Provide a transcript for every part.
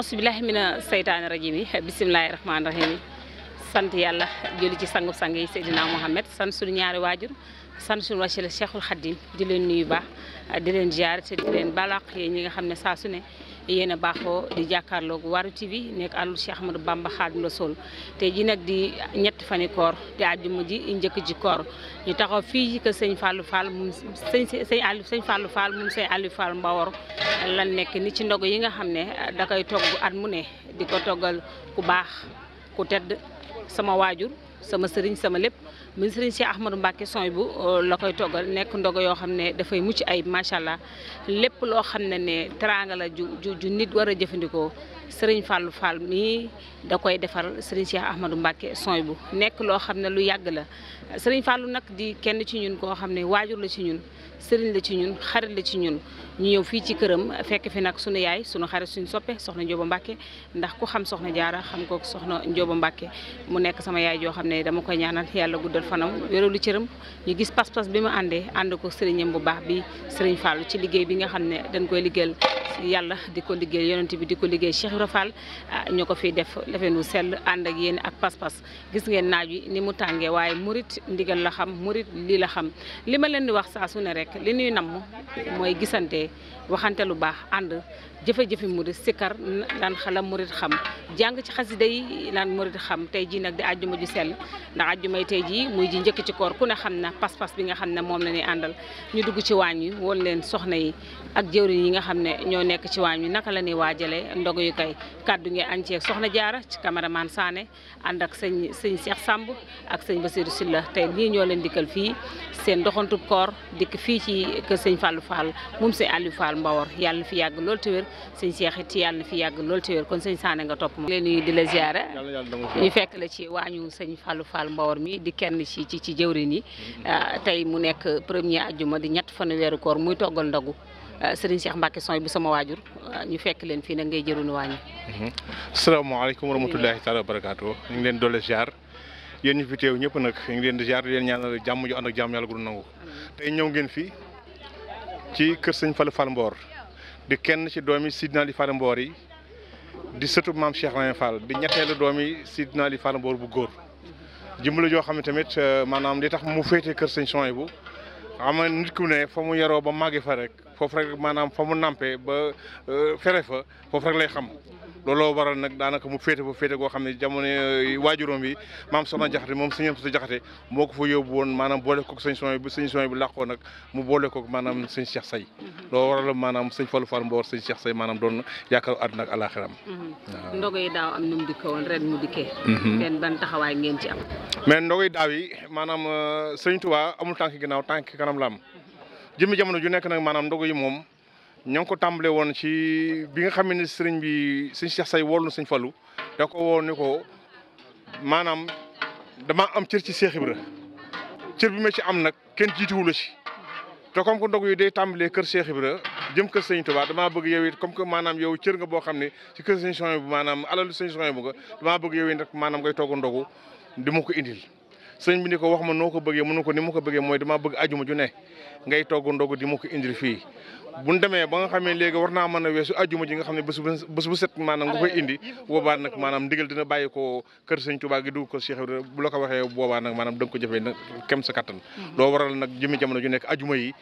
auzu billaahi na seytaane rajiim yi bismillaahi rahmaani rahiim sant yàlla julli ci sangu sang yi Seydina Mohamed sant suñu ñaari waajur sant suñu wasila Cheikhul di leen nuyu baax di leen ziar te di leen balaq yi ñi nga xam ne saa su ne yéen a baaxoo di jàkkaarloog Waarwi bi nekk àllu Cheikh Ahmadou Bamba la sol te ji nag di ñetti fani koor te àjjuma ji njëkk ji koor ñu taxaw fii ci kër sëñ Fallou Fall moom sëñ sëñ fal sëñ Fallou Fall lan nekk ni ci ndog yi nga xam ne da koy togg at mu ne di ko toggal ku baax ku tedd sama waajur sama sëriñ sama lépp muy sëriñ Cheikh Ahmadou Mbacke sooy bu euh, la koy toggal nekk ndogo yoo xam ne dafay mucc ay macha allah lépp loo xam ne ne teraanga la ju ju ju nit war a jëfandikoo sëriñ Fallou Fall mii da koy defar sëriñ Cheikh Ahmadou Mbacke sooy bu nekk loo xam ne lu yàgg la sëriñ Fallou nag di kenn ci ñun koo xam ne waajur la ci ñun sëriñ la ci ñun xarit la ci ñun. ñu ñëw fii ci këram fekk fi nag sunu yaay sunu xare suñu soppee soxna Njóoba Mbàkke ndax ku xam soxna jaara xam ko soxna Njóoba Mbàkke mu nekk sama yaay joo xam ne dama koy ñaanal yàlla guddal fanam wéralu cëram ñu gis pas bi mu àndee ànd ko sëriñam bu baax bi sëriñ Fallu ci liggéey bi nga xam ne dañ koy liggéeyal yàlla di ko liggéey yonent bi di ko liggéey Cheikh Ibra Fall ah, ñu ko fi def nu sell ànd ak yéen ak pas-pas gis ngeen naaj wi ni mu tàngee waaye murit ndigal la xam murit lii la xam li ma leen di wax saa sune ne rek li ñuy namm mooy gisante waxante lu baax ànd jëfe-jëfe murit sikkar laan xala murit xam jàng ci xasida yi laan murit xam tey jii nag di àjjuma ju sell ndax àjjumay tey jii muy ji njëkk ci koor ku ne xam na pas-pas bi nga xam ne moom la ñuy àndal ñu dugg ci waañ yi woon leen soxna yi ak jëwriñ yi nga xam ne ñoo nekk ci waañ yi naka la ñuy waajalee ndog yu kay kàddu ngeen ànd ceeg soxna jaara ci cameraman Sané ànd ak sëñ sëñ Cheikh Samb ak sëñ Basirou Sylla tey lii ñoo leen dikkal fii seen doxantu koor dikk fii ci kër sëñ Fallou Fall moom sëñ Aliou Fall Mbawor yàlla fi yàgg lool te sëñ Cheikh it yàlla na fi yàgg lool te wér kon sëñ Sané nga topp moom leen nuyu di la ziara ñu fekk la ci waañu sëñ Fallou fal Mbawar mi di kenn ci ci ci jëwrin yi mm-hmm. ah, tey mu nekk premier ajjuma di ñett fanu weeru koor muy toggal ndagu sëriñ seex Mbacke Soy bu sama waajur ah, ñu fekk leen fii nag ngay jëruñu waañu mm-hmm. asalaamaaleykum wa rahmatullahi taala wa barakaatu ñu ngi leen doole jar yéen ñu fi teew ñëpp nag ñu ngi leen di ziar leen ñaanal jàmm ju ànd ak jàmm yàlla gu nangu tey ñëw ngeen fii ci kër sëñ Fallou Fall Mbawar di kenn ci doomi Sidna Ali li Mboor yi di sëtu maam Cheikh Ibrahima Fall di ñetteelu doomi Sidna Ali Fall Mboor bu góor jëmbale joo xam ne tamit euh, maanaam li tax mu féete kër sëñ Souhaïbou bu xam nit ku ne fa mu yaroo ba màggi fa rek foofu rek maanaam fa mu nampee ba euh, fere fa foofu rek lay xam looloo waral nag daanaka mu féete fa féete goo xam ne jamono waajuróom bi maam soxna jaxate moom sëñam soxna jaxate moo ko fa yóbbu woon maanaam boole koog sëñ son bi sëñ son bi làqoo nag mu boole koog maanaam sëñ Cheikh Say loolu waral maanaam sëñ Fallou Fall Mbor sëñ Cheikh Say maanaam doon yaakaar àdduna ak alaxiram mm-hmm. waaw ndogo yi daaw am nu mu dikkee woon ren mu dikkee benn mm-hmm. ban taxawaay ngeen am mais ndogo yi daaw yi maanaam euh, sëñ la jëmmi jamono ju nekk nag maanaam ndogu yi moom ñoo ngi ko tàmbale woon ci bi nga xam ne sëriñ bi sëñ Cheikh Say woolu sëñ Fallou da ko ni ko maanaam dama am cër ci Cheikh Ibra cër bi ma ci am nag kenn jiituwu la ci te comme que yi day tàmbalee kër Cheikh Ibra jëm kër Sëñ Tuubaa dama bëgg yow it comme que maanaam yow cër nga boo xam ne ci kër Sëñ Soñ maanaam alalu Sëñ Soñ bu nga bëgg yow it maanaam ngay togg ndogu di mu ko indil sëñ bi ni ko wax ma noo ko bëggee mënu ko ni mu ko bëggee mooy damaa bëgg ajuma ju ne ngay togg ndogu di ma ko indil fii bu ñu demee ba nga xamee léegi war naa mën a weesu ajuma ji nga xam ne bés bu bés bu set maanaam nga koy indi boobaa nag maanaam ndigal dina bàyyi ko kër sëñ Tuubaa gi dugg ko Cheikh bu la ko waxee boobaa nag maanaam da nga ko jëfee nag kem sa kattan mm-hmm. loo waral nag jëmi jamono ju nekk ajuma yi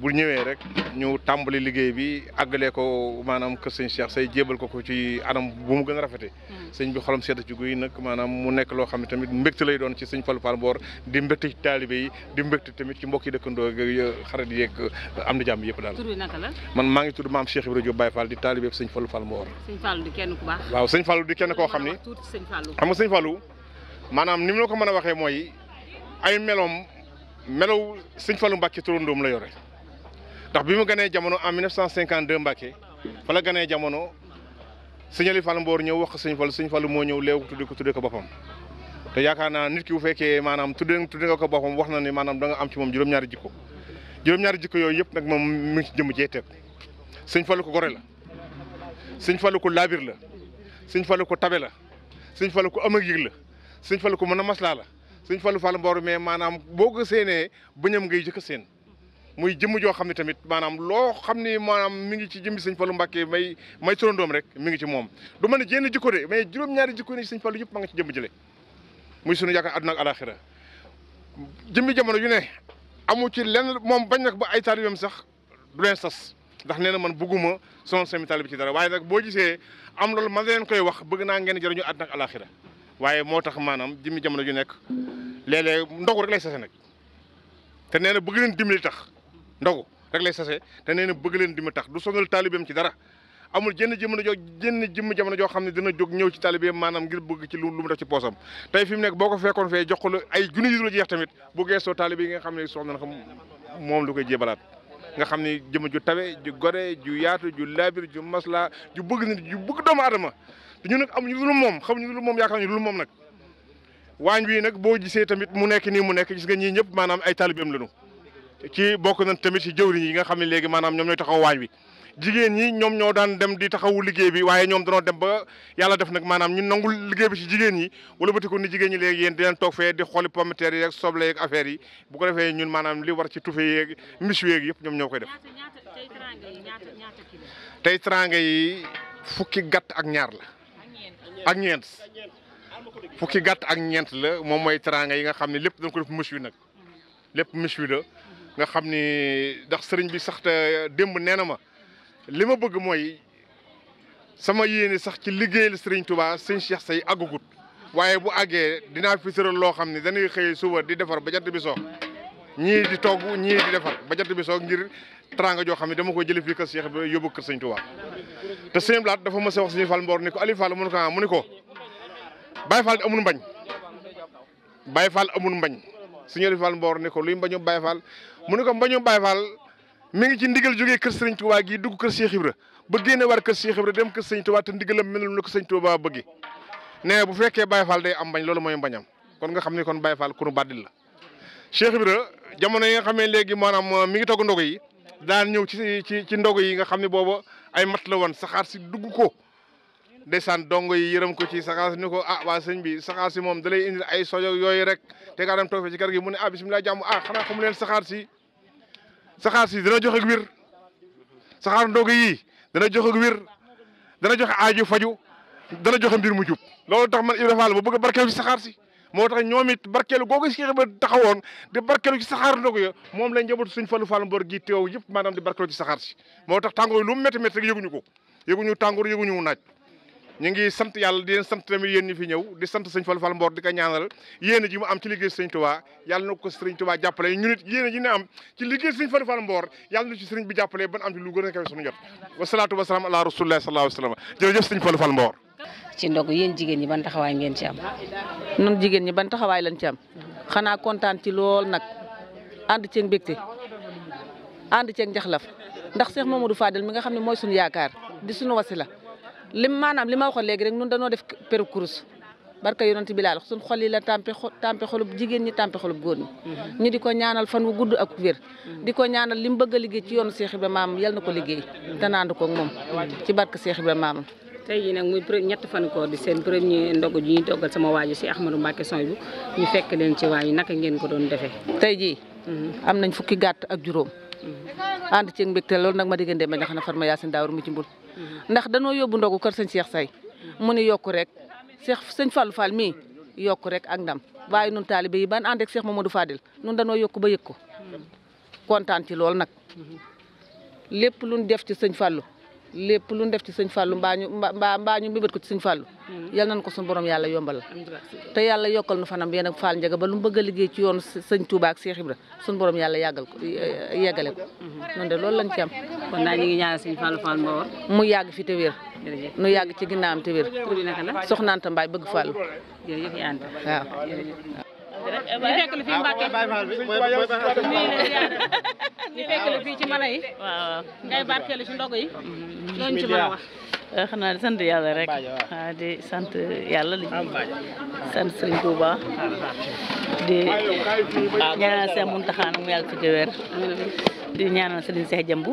bu ñëwee rek ñëw tàmbali liggéey bi àggalee ko maanaam kër sëñ Cheikh say jébal ko ko ci anam bu mu gën a rafete mm. sëñ bi xolam seeta ci guy nag maanaam mu nekk loo xam ne tamit mbégte lay doon ci sëñ Fallou Fall Mbaor di mbégte ci di mbégte tamit ci mbokk yi dëkkandoo xarit yeeg am na jàmm yëpp daal. tur man maa ngi tudd maam Cheikh Ibrahima Diop Baye Fall di taalibe sëñ Fallou Fall Mbaor. sëñ Fallou di kenn waaw sëñ Fallou di kenn koo xam ni xam nga sëñ Fallou maanaam ni mu la ko mën a waxee mooy ay meloom melow sëñ Fallou Mbacke turandoom la yore ndax bi mu ganee jamono en 1952 Mbacke fa la ganee jamono sëñ Ali Fall Mboor ñëw wax ko sëñ Fall sëñ Fall moo ñëw léew ko tudde ko tudde ko boppam te yaakaar naa nit ki bu fekkee maanaam tudde tudde nga ko boppam wax na ne maanaam da nga am ci moom juróom-ñaari jikko juróom-ñaari jikko yooyu yëpp nag moom mi ngi ci jëm jeeteeg sëñ Fall ko gore la sëñ Fall ko laabir la sëñ Fall ko tabe la sëñ Fall ko am ak yëg la sëñ Fall ko mën a maslaa la sëñ Fall Fall Mboor mais maanaam boo ko séenee bañam ngay jëkk seen muy jëmm joo xam ne tamit maanaam loo xam ne maanaam mi ngi ci jëmmi sëñ Fallou Mbacké may may turandoom rek mi ngi ci moom du ma ne jénn jikko de mais juróom-ñaari jikko ni sëñ Fallou yëpp ma nga muy sunu yaakaar àdduna ak alaxira jëmmi jamono yu ne amu ci lenn moom bañ nag ba ay taalibeem sax du sas ndax nee na man bëgguma sonal sami taalibe ci dara waaye nag boo gisee am loolu man leen koy wax bëgg naa ngeen jëriñu àdduna ak waaye moo tax maanaam jëmmi jamono ju nekk léeg-léeg ndogu rek lay sase nag te nee na bëgg leen dimbali tax ndogu rek lay sase te nee na bëgg leen di ma tax du sonal taalibeem ci dara amul jenn jëmm joo jenn jëmm jamono joo xam ne dana jóg ñëw ci taalibeem maanaam ngir bëgg ci lu lu ci poosam tey fi mu nekk boo ko fekkoon fee jox ko lu ay junni yu la jeex tamit nga xam ne soxna na xam moom lu koy jébalaat nga xam ne jëmm ju tawe ju gore ju yaatu ju laabir ju masla ju bëgg nit ju bëgg doomu aadama te ñu nag amuñu lu moom xamuñu lu moom yaakaar ñu lu moom nag waañ wii nag boo gisee tamit mu nekk nii mu nekk gis nga ñii ñëpp maanaam ay taalibeem lañu ci bokk na tamit ci jëwriñ yi nga xam ne léegi maanaam ñoom ñooy taxaw waañ wi jigéen ñi ñoom ñoo daan dem di taxawu liggéey bi waaye ñoom danoo dem ba yàlla def nag maanaam ñun nangul liggéey bi si jigéen ñi wala batiku ni jigéen ñi léegi yéen di leen toog fee di xooli pommeteer yeeg soble yeeg affaire yi bu ko defee ñun maanaam li war ci tufe yeeg mis yeeg yëpp ñoom ñoo koy def tey teraanga yi fukki gàtt ak ñaar la ak ñeent fukki gàtt ak ñeent la moom mooy teraanga yi nga xam ne lépp dañ ko def nag lépp mis wi la nga xam ni ndax sëriñ bi sax te démb nee na ma li ma bëgg mooy sama yéene sax ci liggéeyal sëriñ Touba sëñ Cheikh Say àggugut waaye bu àggee dinaa fi sëral loo xam ne dañuy xëy suba di defar ba jant bi soog ñii di togg ñii di defar ba jant bi soog ngir teraanga joo xam ne dama koy jëlee fii kër Cheikh bi yóbbu kër sëñ Touba te sëñ Blaat dafa ma a wax sëñ Fall Mbor ni ko Aliou Fall mu ne ko ah, mu ne ko Baye Fall amul mbañ Baye Fall amul mbañ. Sëriñ Fall Mboor ne ko luy mbañu Baay Faal mu ne ko mbañu Baay Faal mi ngi ci ndigal jógee kër Sëriñ waa gii dugg kër Cheikh Ibra ba génne war kër Cheikh Ibra dem kër Sëriñ Tuubaa te ndigalam mel na ko Sëriñ Tuubaa bëggi nee bu fekkee Baay Faal day am mbañ loolu mooy mbañam kon nga xam ne kon Baay Faal ku nu bàddil la Cheikh Ibra jamono yi nga xamee léegi maanaam euh, mi ngi togg ndogu yi daan ñëw ci ci ci ndogu yi nga xam ne boobu ay mat la woon saxaar si dugg ko ndeysaan dongo yi yërëm ko ci saxaas ni ko ah waa sëñ bi saxaar si moom da lay indil ay sojo yooyu rek te nga dem toog ci kër gi a ne ah bisimilah jàmm ah xanaa xamu leen saxaar si saxaar si dana jox ak wir saxaar ndongo yi dana jox ak wir dana joxe aaju faju dana joxe mbir mu jub loolu tax man Ibra Fall ba bëgg a barkeelu ci saxaar si moo tax ñoom it barkeelu googu si ba taxawoon di barkeelu ci saxaar ndog ya moom lañ njabootu suñ Fallu Fall Mbor gi teew yëpp maanaam di barkeelu ci si moo tax tàngoor lu mu métti métti rek yëguñu ko yëguñu tàngoor yëguñu naaj ñu ngi sant yàlla di leen sant tamit yéen ñi fi ñëw di sant sëñ Fall Fall Mbor di ko ñaanal yéen ji mu am ci liggéey sëñ Touba yàlla na ko sëriñ Touba jàppale ñu nit yéen ji ne am ci liggéey sëñ Fall Fall Mbor yàlla na ci sëriñ bi jàppale ban am ci lu gën a kawe suñu jot wasalaatu wasalaam ala rasulillah sallallahu alayhi wa sallam jërëjëf sëñ Fall Fall Mbor ci ndog yéen jigéen ñi ban taxawaay ngeen ci am nun jigéen ñi ban taxawaay lañ ci am xanaa kontaan ci lool nag ànd ceeg mbégte ànd ceeg njaxlaf ndax Cheikh Mamadou Fadel mi nga xam ne mooy suñu yaakaar di suñu wasila lim maanaam li ma waxoon léegi rek nun dañoo def peru kurus barka yonent bi laal suñ xol yi la tàmpe tàmpe xolub jigéen ñi tàmpe xolub góor ñi mhm. di ko ñaanal fan wu gudd a wér mhm. di ko ñaanal li mu bëgg a liggéey ci yoonu Seex ba maam yal na ko liggéey mhm. te naand koog moom ci barke Seex Ibra maamam tey jii nag muy ñett fan koor di seen premier ndogu ji ñuy toggal sama waajo si Ahmadou Mbacké Sow bu ñu fekk leen ci waañu naka ngeen ko doon defee tey jii am nañ fukki gàtt ak juróom ànd ceeg mbégte loolu nag ma diggante ma ñax na farma ndax danoo yóbbu ndogu kër sëñ Cheikh Say mu ni yokku rek Cheikh sëñ Fallou fal mii yokk rek ak ndam waaye nun taalibe yi ban ànd ak Cheikh Mamadou Fadil nun danoo yokku ba yëg ko kontaan ci loolu nag lépp lu def ci sëñ Fallou lépp lu def ci sëñ Fallou mbaa ñu mbaa mbaa ñu mbébét ko ci sëñ Fallou yal nañ ko suñu borom yàlla yombal te yàlla yokkal nu fanam yéen ak Fall Ndiaga ba lu mu bëgg liggéey ci yoonu sëñ Touba ak Cheikh Ibra suñu borom yàlla yàggal ko yeggale ko noonu de loolu lañ ci kon daal ñu ngi ñaanal suñu Fallou Fall mu yàgg fi te wér nu yàgg ci ginnaawam te wér soxna Anta bëgg Fallou jërëjëf fekk la fii ci mala yi ngay barkeelu ci ndogu yi mm-hmm. loolu ci mën a wax euh, xanaa sant yàlla rek ah di sant yàlla li sant sëñ Touba di ñaanal seen muntaxaan mu yàgg fi di ñaanal sëriñ Seex Jëmb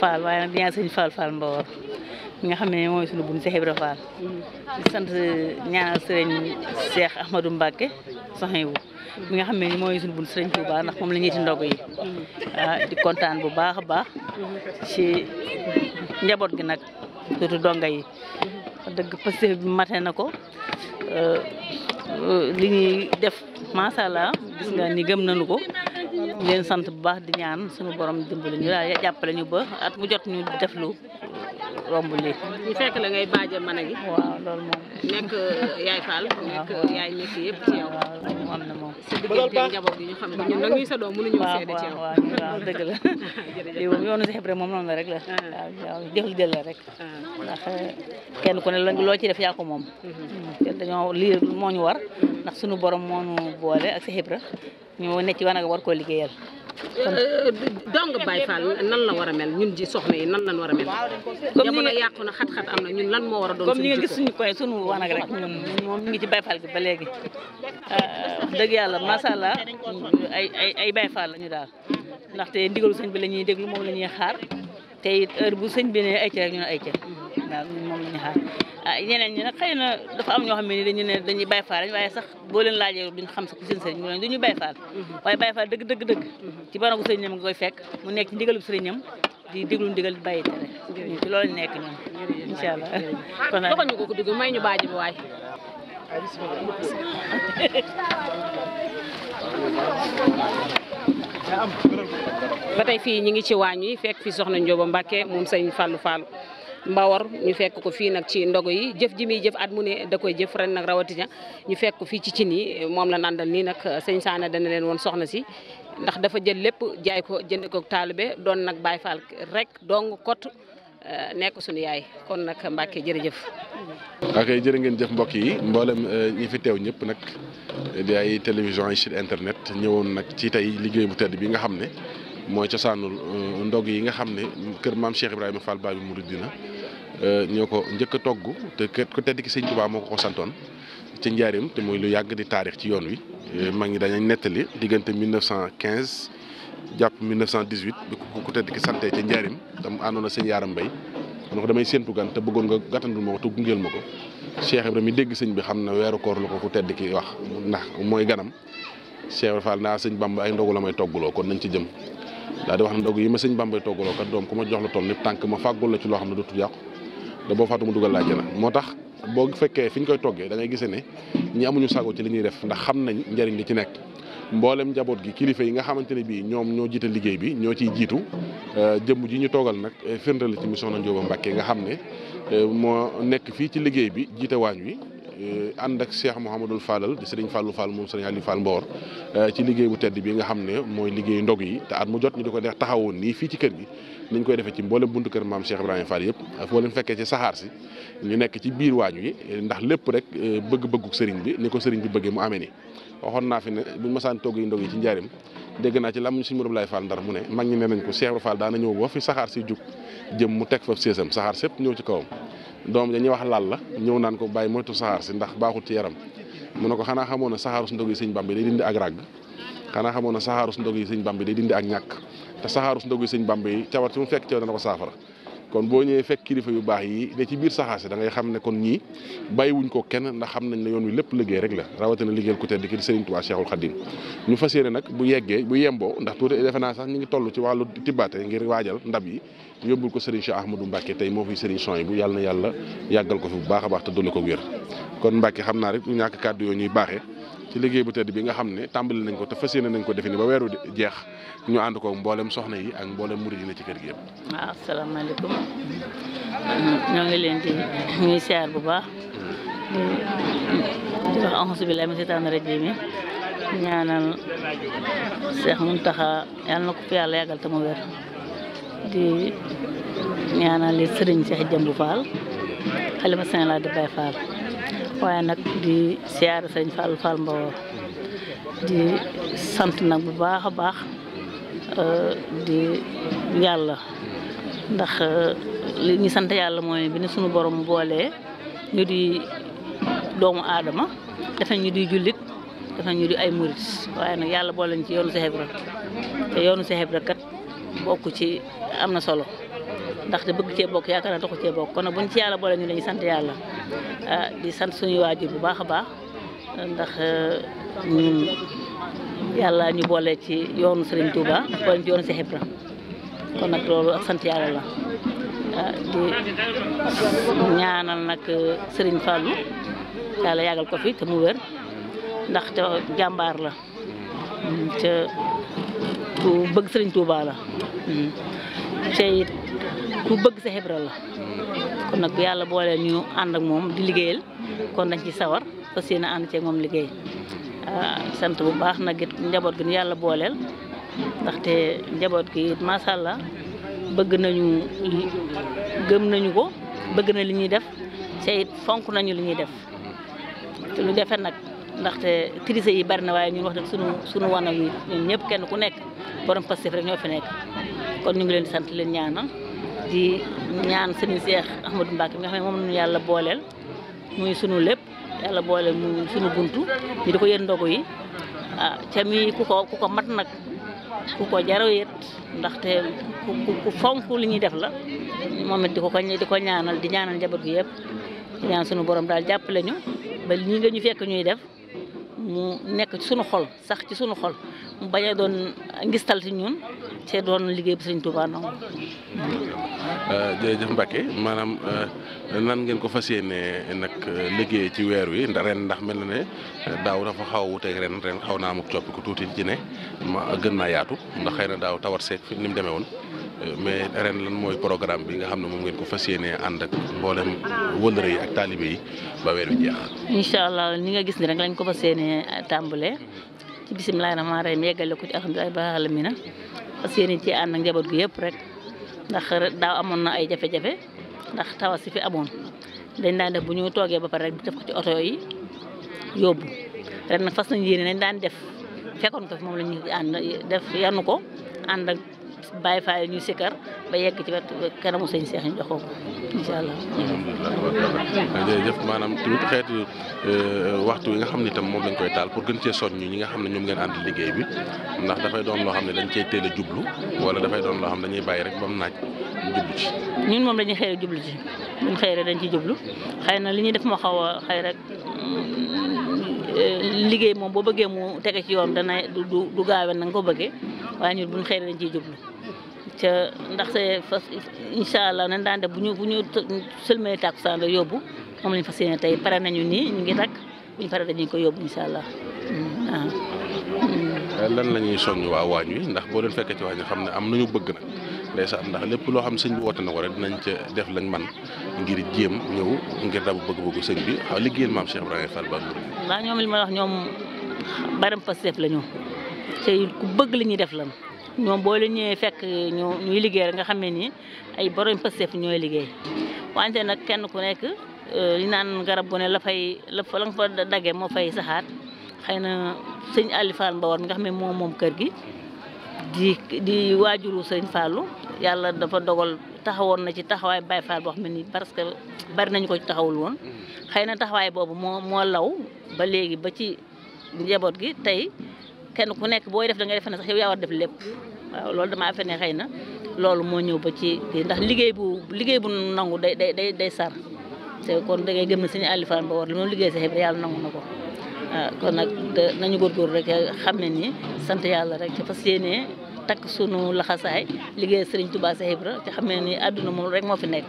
faal waaye nag di ñaan sëñ Fall Fall Mbawar nga xam ne mooy suñu buñ Cheikh Ibra Fall di sant ñaanal sëriñ Cheikh Ahmadou Mbacke saxewu mi nga xam ne mooy suñu buñ sëriñ Touba ndax moom la ñuy ti ndog yi ah, di kontaan bu baax a baax ci njaboot gi nag surtout donga yi dëgg pasté bi mate na ko euh, li ñuy def macha allah gis nga ni gëm nañu ko leen sant bu baax di ñaan suñu borom dimbali ñu jàppale ñu ba at mu jot ñu def lu romb lii. ñu fekk la ngay baaje mën a gi. waaw loolu moom. nekk yaay Fall. nekk yaay nekk yëpp ci yow. na la. lii moom yoonu si xebre moom noonu la rek la. Ah. waaw waaw jëf jël la rek. Ah. ndax eh, kenn ku ne loo ci def yaa ko moom. te mm-hmm. mm-hmm. dañoo lii moo ñu war. ndax suñu borom moo ñu boole ak si xebre. ñoo ne ci wanag war koo liggéeyal. dong Baye Fall nan la war a mel ñun ji soxna yi nan lan war a mel. comme ni nga yàqu na xat-xat am na ñun lan moo war a doon. comme ni gis suñu koy suñu wanag rek moom mi ngi ci Baye Fall gi ba léegi. Ah, dëgg yàlla macha allah ay ay ay Baye Fall lañu daal ndaxte ndigalu sañ bi la ñuy déglu moom la ñuy xaar. te it heure bu sëñ bi ne ay ca rek ay ca waaw ñun moom ñu xaar ah ñeneen ñi nag xëy na dafa am ñoo xam ne ni dañu ne dañuy bay faal waaye sax boo leen laajee duñ xam sax ku seen sëriñ mu ne duñu bay faal mhm. waaye bay faal dëgg dëgg dëgg ci banaku sëriñam nga koy fekk mu nekk ci ndigalub sëriñam di déglu ndigal bàyyi tere ñu ci loolu nekk ñun incha allah kon ko ko dugg may ñu baaji bi waay bismillah ba tey fii ñu ngi ci waañ wi fekk fi soxna Ndiobo mbake moom sëñ Fallou Fallou Mbawar ñu fekk ko fii nag ci ndogu yi jëf ji muy jëf at mu ne da koy jëf ren nag rawatina ñu fekk ko fii ci cin yi moom la nandal nii nag sëñ Saana dana leen woon soxna si ndax dafa jël lépp jaay ko jënd ko be doon nag baay Fall rek dong kot Euh, nekk suñu yaay kon nag Mbacke jëf ok jërë ngeen jëf mbokk yi mboolem euh, ñi fi teew ñëpp nag di ay télévision yi site internet ñëwoon nag ci tey liggéey bu tedd bi nga xam ne mooy cosaanul euh, ndog yi nga xam ne kër maam Cheikh Ibrahima Fall Babi Mouridina ñoo ko njëkk togg te kër ko tedd ki sëñ Tuubaa moo ko ko santoon ci njaarim te muy lu yàgg di taarix ci yoon wi. mag ñi dañuy nettali diggante jàpp 1918 bi ku tedd ki sante ca njaarim tam àndoon na sëñ Yaaram Mbay man ko damay séentu gan te bëggoon nga gàttandul ma ko te gungeel ma ko Cheikh Ibrahima dégg sëñ bi xam na weeru koor la ko ku tedd ki wax ndax mooy ganam Cheikh Fall naa sëñ Bamba ay ndogu la may toggaloo kon nañ ci jëm daal di wax ne ndogu yi ma sëñ Bambay toggaloo kat doom ku ma jox la toll lépp tànk ma fàggul la ci loo xam ne dootul yàqu da boo faatu mu dugal laaj na moo tax boo fekkee fi ñu koy toggee da ngay gisee ne ñi amuñu sago ci li ñuy def ndax xam nañ njëriñ li ci nekk mboolem njaboot gi kilifa yi nga xamante ne bii ñoom ñoo jiite liggéey bi ñoo ciy jiitu euh, jëmm ji ñu toogal nag euh, firnde la ci mu soxna Njóoba Mbàkke nga xam ne euh, moo nekk fii ci liggéey bi jiite waañ wi ànd ak Cheikh Mouhamadul Fallal di Serigne Fallou Fall moom Serigne Aliou Fall Mbor ci liggéey bu tedd bi nga xam ne mooy liggéey ndog yi te at mu jot ñu di ko def taxawoon nii fii ci kër gi niñ koy defee ci mboolem buntu kër maam Cheikh Ibrahima Fall yëpp foo leen fekkee ci saxaar si ñu nekk ci biir waañ wi ndax lépp rek bëgg-bëggu sëriñ bi ni ko sëriñ bi bëggee mu amee ni waxoon naa fi ne buñ masaan togg yi ndaw yi ci njaarim dégg naa ci lam suñu Mourou Laye Fall ndar mu ne mag ñi ne nañ ko Cheikh Ibra daana ñëw ba fi saxaar si jug jëm mu teg fa séesam saxaar sépp ñëw ci kawam doom dañuy wax laal la ñëw naan ko bàyyi moytu saxaar si ndax baaxul ci yaram mu ne ko xanaa xamoon ne saxaaru ndog yi sëñ Bamba day dindi ak ràgg xanaa xamoon ne saxaaru ndog yi sëñ Bamba day dindi ak ñàkk te saxaaru ndog yi sëñ Bamba yi cawar ci mu fekk ci dana ko saafara kon boo ñëwee fekk kilifa yu baax yi ne ci biir saxaase si dangay xam ne kon ñii bàyyiwuñ ko kenn ndax xam nañ ne yoon wi lépp liggéey rek la rawatina liggéeyal ku tedd ki di Serigne Touba Cheikhul Khadim ñu fas yéene nag bu yeggee bu yemboo ndax tuuti defe naa sax ñu ngi toll ci wàllu tibbaate ngir waajal ndab yi yóbbul ko Serigne Cheikh Ahmadou Mbacke tey moo fi Serigne son yi bu yàlla na yàlla yàggal ko fi bu baax a baax te dolli ko wér kon Mbacke xam naa rek ñu ñàkk kàddu yoo ñuy baaxee ci liggéey bu tedd bi nga xam ne tàmbali nañ ko te fas nañ ko defe ni ba weeru jeex ñu ànd ko mboolem soxna yi ak mboolem murid yi ci kër gi yëpp. waaw asalaamaaleykum ñoo ngi leen di ñuy siyaar bu baax di wax auzu billaahi mina seytaani rajiim ñaanal Seex Muntaxa yàlla na ko yàlla yàggal te mu wér di ñaanal li Sëriñ Seex Jëmbu Faal xalifa Saint-Lazare de Baye Fall waaye nag di siyaare sëñ Fall Fall Mbaor di sant nag bu baax a baax euh, di yàlla ndax euh, li ñu sant yàlla mooy bi ne suñu borom boolee ñu di doomu aadama defe ñu di jullit defe ñu di ay murit waaye nag yàlla boole ñu ci yoonu Seex Ibra te yoonu Seex Ibra kat bokk ci am na solo ndaxte bëgg cee bokk yaakaar naa taxu cee bokk kon nag buñ ci yàlla boole ñu lañu sant yàlla ah, di sant suñu waajur bu baax a baax ndax ah, ñun yàlla ñu boole ci yoonu Serigne Touba boole ci yoonu Cheikh Ibra kon nag loolu ak sant yàlla la ah, di ñaanal nag sëriñ Fallou yàlla yàggal ko fi te mu wér ndaxte jàmbaar la mm, te ku bëgg Serigne Touba la mm. te ku bëgg Cheikh Ibra la kon nag yàlla boolee ñu ànd ak moom di liggéeyal kon dañ ci sawar fas yéene ànd ceeg moom liggéey ah, sant bu baax nag it njaboot gi nu yàlla booleel ndaxte njaboot gi it macha allah bëgg nañu gëm nañu ko bëgg na li ñuy def te fonk nañu li ñuy def te lu jafe nag ndaxte crise yi bari na waaye ñun wax dëgg sunu sunu wanag yi ñun ñëpp kenn ku nekk borom passif rek ñoo fi nekk kon ñu ngi leen di sant leen ñaanal di ñaan sëriñ Seex Ahmadou Mbacke nga xam ne moom la ñu yàlla booleel muy sunu lépp yàlla booleel muy sunu buntu ñu di ko yët ndogu yi ah ca mi ku ko mat nag ku ko jaraw yët ndaxte ku fonk li ñuy def la moom it di ko di ko ñaanal di ñaanal njaboot gi yëpp di ñaan sunu borom daal jàpp ñu ba lii nga ñu fekk ñuy def mu nekk ci sunu xol sax ci sunu xol mu bañ doon ngistal ci ñun. te doon liggéey bi sëriñ Touba nangu. Euh, jërëjëf Mbacke maanaam euh, nan ngeen ko fas yéenee nag liggéey ci weer wi ndax ndax mel na ne euh, daaw dafa xaw a wuteeg ren ren xaw naa amuk ku tuuti ci ne ma gën naa yaatu ndax xëy na daaw tawat seeg fi ni mu demee woon mais ren lan mooy programme bi nga xam ne moom ngeen ko fa yéenee ànd ak mboolem wëllëre yi ak taalibe yi ba weer wi jeex. incha allah ni nga gis ni rek lañ ko fa yéenee tàmbalee ci bisimilah rahmaani rahiim yeggale ko ci fas yéene ci ànd ak njaboot gi yëpp rek ndax daaw amoon na ay jafe-jafe ndax tawa si fi amoon dañ daan def bu ñu toogee ba pare rek def ko ci oto yi yóbbu ren nag fas nañ yéene dañ daan def fekkoon ko fi moom lañuy ànd def yanu ko ànd ak bàyyi faa yi ñu sikkar ba yegg ci wetu kanamu sëñ Seex ñu jox ko incha allah. jërëjëf maanaam tamit euh, nga xam ne itam moom lañ koy taal pour gën cee soññu ñi nga xam ne ñoom ngeen ànd liggéey bi ndax dafay doon loo xam ne dañ cey teel a jublu wala dafay doon loo xam ne dañuy bàyyi rek ba mu naaj jublu ci. ñun moom dañuy xëy jublu ci ñun xëy dañ ciy jublu xay na li ñuy def ma xaw a xëy rek. Euh, liggéey moom boo bëggee mu tege ci yoon dana du du gaawe na nga ko bëggee waaye ñun buñ xëy dañ ciy jublu ca ndax fas incha allah nañ daan def bu ñu bu ñu sëlmee tàkkusaan la yóbbu moom lañ fas yéene tey pare nañu nii ñu ngi takk bu ñu pare dañu ko yóbbu incha allah hmm, lan la ñuy soññ waa waañ wi ndax boo leen fekkee ci waañ xam ne am nañu bëgg nag ndeysaan ndax lépp loo xam sëñ bi woote na ko rek dinañ ca def lañ man ngir jéem ñëw ngir dabu bëgg-bëggu sëñ bi xaw liggéeyal maam Cheikh Ibrahima Fall ba waaw ñoom li ma wax ñoom baram Pastef la ñu ku bëgg li ñuy def lan ñoom boo leen ñëwee fekk ñu ñuy liggéey rek nga xam ne nii ay borom pësteef ñooy liggéey wante nag kenn ku nekk euh, li naan garab bu ne la fay la fa la nga fa dagge moo fay saxaat xëy na sëñ Aliou Fall Mbawar nga xam ne moom moom kër gi di di waajuru sëñ Fallu yàlla dafa dogal taxawoon na ci taxawaay Baye Fall boo xam ne nii parce que bari nañu ko ci taxawul woon mm-hmm. xëy na taxawaay boobu moo moo law ba léegi ba ci njaboot gi tey kenn ku nekk booy def da ngay defe ne sax yow yaa war def lépp waaw loolu damaa fe ne xëy na loolu moo ñëw ba ci ndax liggéey bu liggéey bu nangu day day day day sar te kon da ngay gëm ne suñu àllifaan ba war li moom liggéey sa xib yàlla nangu na ko waaw kon nag nañu góorgóor rek xam ne ni sant yàlla rek te fas yéene takk sunu laxasaay liggéey sëriñ Tuubaa sa xib te xam ne ni àdduna moom rek moo fi nekk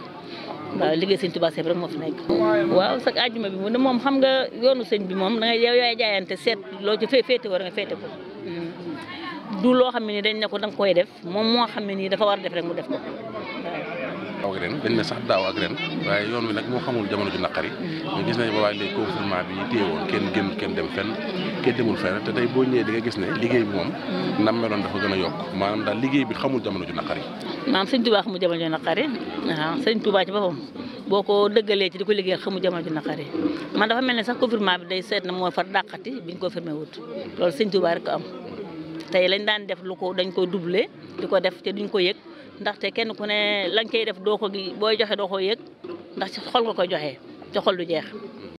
waaw liggéey sëñ Tuubaa Seex rek moo fi nekk waaw sax àjjuma bi mu ne moom xam nga yoonu sëñ bi moom da nga yow yaay jaayante seet loo ci féete war nga féete ko mm. du loo xam ne ni dañ ne ko da nga koy def moom moo xam ne nii dafa war a def rek mu def ko daaw ak ren dañ ne sax daaw ak ren waaye yoon wi nag moo xamul jamono ju naqari mais gis nañ ba waaye léegi confinement bi téye woon kenn génn kenn dem fenn kenn demul fenn boo ñëwee di nga gis ne liggéey bi moom nam meloon dafa gën a yokk maanaam daal liggéey bi xamul jamono ju naqari maanaam sëñ Touba xamul jamono ju naqari waaw sëñ Touba ci boppam boo ko dëggalee ci di ko liggéeyal xamul jamono ju naqari man dafa mel ne sax confinement bi day seet na moo far dàqati biñ confirmé wut loolu sëñ Touba rek ko am tey lañ daan def lu ko dañ koy doublé di ko def te duñ ko yëg ndaxte kenn ku ne la nga koy def doo ko gi booy joxe doo ko yëg ndax ci xol nga koy joxe ci xol du jeex